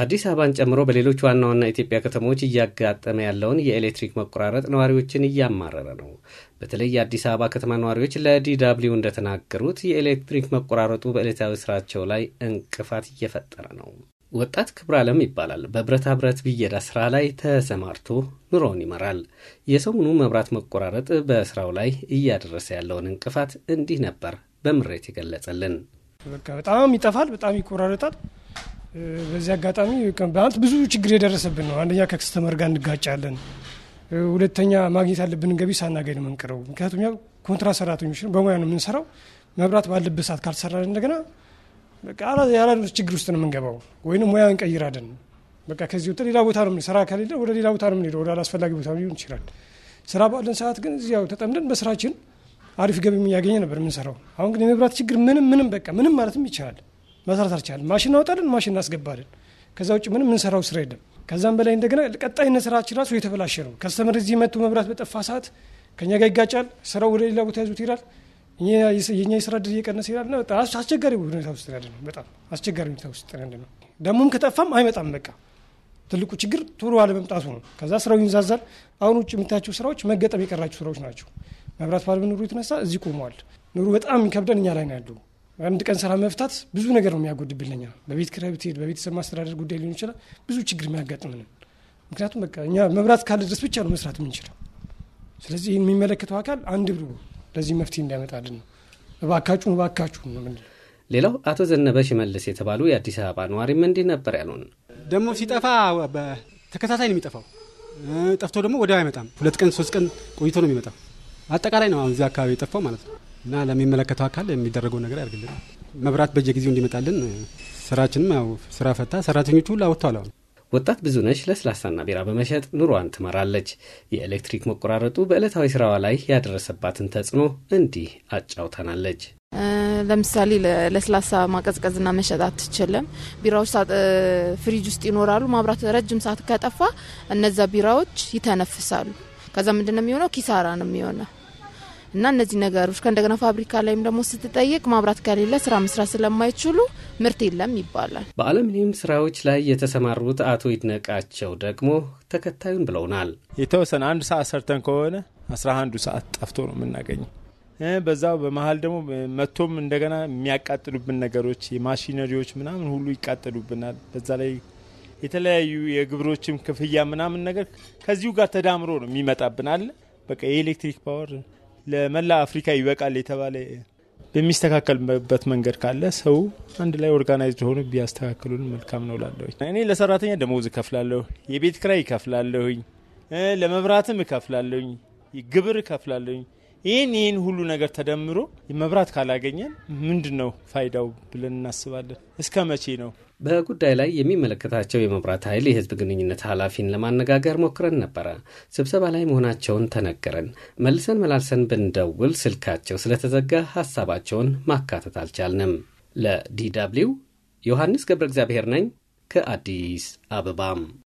አዲስ አበባን ጨምሮ በሌሎች ዋና ዋና የኢትዮጵያ ከተሞች እያጋጠመ ያለውን የኤሌክትሪክ መቆራረጥ ነዋሪዎችን እያማረረ ነው። በተለይ የአዲስ አበባ ከተማ ነዋሪዎች ለዲዳብሊው እንደተናገሩት የኤሌክትሪክ መቆራረጡ በዕለታዊ ስራቸው ላይ እንቅፋት እየፈጠረ ነው። ወጣት ክብር ዓለም ይባላል። በብረታ ብረት ብየዳ ስራ ላይ ተሰማርቶ ኑሮውን ይመራል። የሰሙኑ መብራት መቆራረጥ በስራው ላይ እያደረሰ ያለውን እንቅፋት እንዲህ ነበር በምሬት የገለጸልን። በቃ በጣም ይጠፋል፣ በጣም ይቆራረጣል በዚህ አጋጣሚ ባንት ብዙ ችግር የደረሰብን ነው። አንደኛ ከክስተመር ጋር እንጋጫለን፣ ሁለተኛ ማግኘት ያለብን ገቢ ሳናገኝ ነው የምንቀረው። ምክንያቱም ያው ኮንትራት ሰራተኞች ነው፣ በሙያ ነው የምንሰራው። መብራት ባለበት ሰዓት ካልተሰራ እንደገና ያላ ችግር ውስጥ ነው የምንገባው፣ ወይም ሙያ እንቀይራለን። በቃ ከዚህ ወጥተን ሌላ ቦታ ነው ስራ ከሌለ ወደ ሌላ ቦታ ነው የምንሄደው፣ ወደ አላስፈላጊ ቦታ ሊሆን ይችላል። ስራ ባለን ሰዓት ግን እዚያው ተጠምደን በስራችን አሪፍ ገቢ እያገኘ ነበር የምንሰራው። አሁን ግን የመብራት ችግር ምንም ምንም በቃ ምንም ማለትም ይቻላል መስራት አልቻለን። ማሽን አወጣለን፣ ማሽን እናስገባለን። ከዛ ውጭ ምንም የምንሰራው ስራ የለም። ከዛም በላይ እንደገና ቀጣይነት ስራችን ራሱ የተበላሸ ነው። ከስተመር እዚህ መጥቶ መብራት በጠፋ ሰዓት ከኛ ጋር ይጋጫል። ስራው ወደ ሌላ ቦታ ይዙት ይላል። የኛ የስራ ድር እየቀነሰ ይላል። በጣም አስቸጋሪ ሁኔታ ውስጥ ያለ ነው። በጣም አስቸጋሪ ሁኔታ ውስጥ ያለ ነው። ደግሞም ከጠፋም አይመጣም። በቃ ትልቁ ችግር ቶሎ አለመምጣቱ ነው። ከዛ ስራው ይንዛዛል። አሁን ውጭ የምታያቸው ስራዎች መገጠም የቀራቸው ስራዎች ናቸው። መብራት ባለመኖሩ የተነሳ እዚህ ቆመዋል። ኑሩ በጣም ይከብደን እኛ ላይ ነው ያለው። አንድ ቀን ስራ መፍታት ብዙ ነገር ነው የሚያጎድብልኛ። በቤት ክራይ ብትሄድ በቤተሰብ ማስተዳደር ጉዳይ ሊሆን ይችላል ብዙ ችግር የሚያጋጥመን ምክንያቱም በቃ እኛ መብራት ካለ ድረስ ብቻ ነው መስራት የምንችለው ስለዚህ ይህን የሚመለከተው አካል አንድ ብሎ ለዚህ መፍትሄ እንዲያመጣልን ነው እባካችሁን እባካችሁን ነው ሌላው አቶ ዘነበ ሽመልስ የተባሉ የአዲስ አበባ ነዋሪም እንዲህ ነበር ያሉን ደግሞ ሲጠፋ ተከታታይ ነው የሚጠፋው ጠፍቶ ደግሞ ወዲያው አይመጣም ሁለት ቀን ሶስት ቀን ቆይቶ ነው የሚመጣው አጠቃላይ ነው አሁን እዚህ አካባቢ የጠፋው ማለት ነው እና ለሚመለከተው አካል የሚደረገው ነገር ያርግልን። መብራት በየጊዜው እንዲመጣልን ስራችንም ያው ስራ ፈታ ሰራተኞቹ ሁሉ አውጥተዋል። አሁን ወጣት ብዙነች ለስላሳና ቢራ በመሸጥ ኑሯን ትመራለች። የኤሌክትሪክ መቆራረጡ በዕለታዊ ስራዋ ላይ ያደረሰባትን ተጽዕኖ እንዲህ አጫውተናለች። ለምሳሌ ለስላሳ ማቀዝቀዝና መሸጥ አትችልም። ቢራዎች ፍሪጅ ውስጥ ይኖራሉ። ማብራት ረጅም ሰዓት ከጠፋ እነዛ ቢራዎች ይተነፍሳሉ። ከዛ ምንድን ነው የሚሆነው? ኪሳራ ነው የሚሆነው እና እነዚህ ነገሮች ከእንደገና ፋብሪካ ላይም ደግሞ ስትጠየቅ ማብራት ከሌለ ስራ መስራት ስለማይችሉ ምርት የለም ይባላል። በአለምኒየም ስራዎች ላይ የተሰማሩት አቶ ይድነቃቸው ደግሞ ተከታዩን ብለውናል። የተወሰነ አንድ ሰዓት ሰርተን ከሆነ አስራ አንዱ ሰዓት ጠፍቶ ነው የምናገኘው። በዛው በመሀል ደግሞ መቶም እንደገና የሚያቃጥሉብን ነገሮች የማሽነሪዎች ምናምን ሁሉ ይቃጠሉብናል። በዛ ላይ የተለያዩ የግብሮችም ክፍያ ምናምን ነገር ከዚሁ ጋር ተዳምሮ ነው የሚመጣብን አለ በቃ የኤሌክትሪክ ፓወር ለመላ አፍሪካ ይበቃል የተባለ በሚስተካከልበት መንገድ ካለ ሰው አንድ ላይ ኦርጋናይዝድ ሆኑ ቢያስተካክሉን መልካም ነው ላለሁኝ። እኔ ለሰራተኛ ደሞዝ እከፍላለሁ፣ የቤት ክራይ እከፍላለሁኝ፣ ለመብራትም እከፍላለሁኝ፣ ግብር እከፍላለሁኝ። ይህን ይህን ሁሉ ነገር ተደምሮ መብራት ካላገኘን ምንድን ነው ፋይዳው ብለን እናስባለን። እስከ መቼ ነው? በጉዳይ ላይ የሚመለከታቸው የመብራት ኃይል የህዝብ ግንኙነት ኃላፊን ለማነጋገር ሞክረን ነበረ። ስብሰባ ላይ መሆናቸውን ተነገረን። መልሰን መላልሰን ብንደውል ስልካቸው ስለተዘጋ ሀሳባቸውን ማካተት አልቻልንም። ለዲ ደብልዩ ዮሐንስ ገብረ እግዚአብሔር ነኝ ከአዲስ አበባም